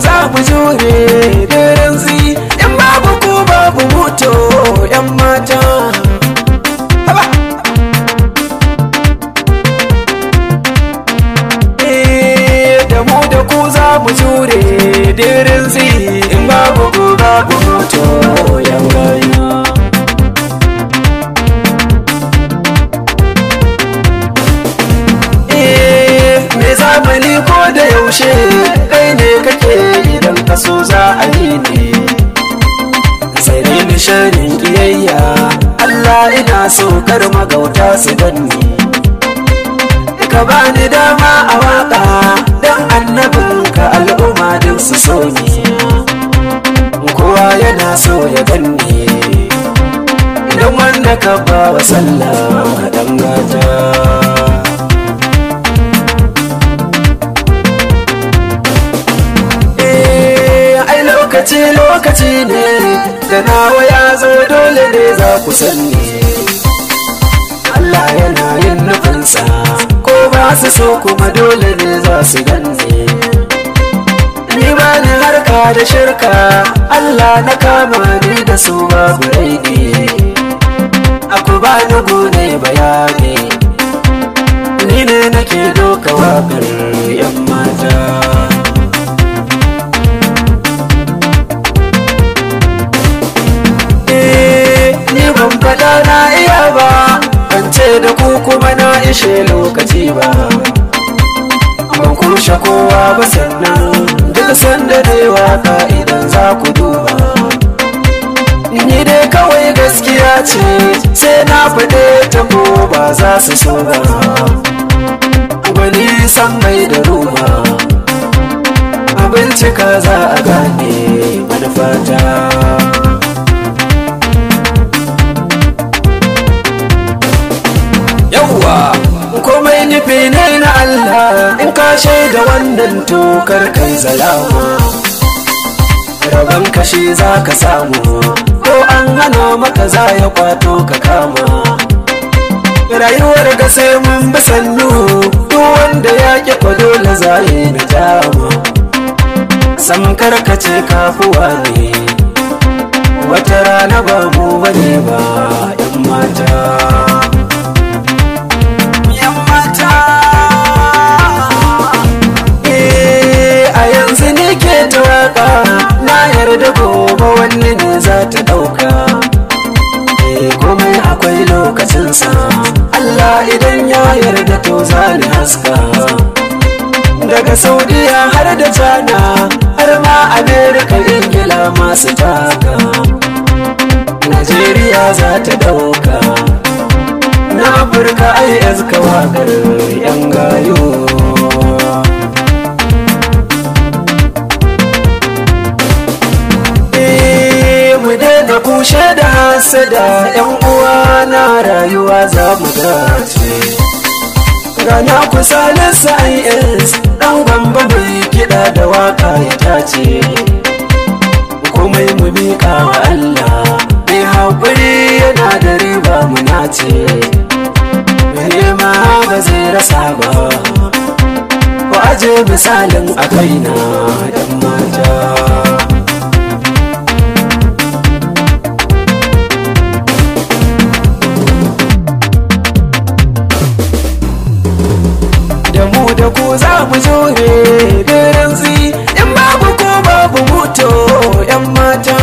za mu jure da zi yan babu ku babu mutu yan mata da mu da ku za mu jure da zi in babu ku babu mutu yan mata zamani ko da yaushe saukar magauta su danni ka bani dama a waka don ka al'umma duk su so ni kowa yana so ya danni idan wanda ka ba wa sallah dan gata eh, ai lokaci lokaci ne da nawa ya zo dole ne za ku sanni yana yin nufinsa ko ba su so kuma dole ne za su ganze ni ba ni harka da shirka Allah na kama ni da su babu ne aku ba ni gune bayani ni ne nake doka wakar da ku kuma na ishe lokaci ba ban kushe kowa ba sannan duk sanda dai waka idan za ku duba ni dai kawai gaskiya ce sai na faɗe ta ko ba za su so ba gwani san mai da ruwa abincika za a gane manufata kadai ne na Allah in ka shaida wannan tokar kai zalamu rabon kashi za ka samu ko an hana maka za ya kwato ka kama rayuwar ga sai mun bi sannu duk wanda ya ƙi dole za yi na jama sam karkace kafuwa ne wata rana ba mu bane ba 'yan mata daga saudiya har da china har ma amerika ingila masu taka najeriya za ta dauka na afirka is kawagar yan gayo kushe eh, da hasada yan uwa na rayuwa za mu dace na kusa na science dan gamba mai kiɗa da waka ya tace komai mu miƙa wa Allah mai hakuri yana da riba mu nace ma ba zai rasa ba ku aje misalin akai na 'yan mata zamu za mu jure birin zi in babu ko babu mutu yan mata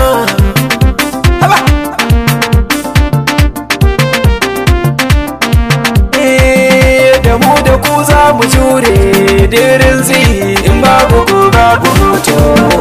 eh, da mu da ku za mu jure dirin zi in babu ko babu mutu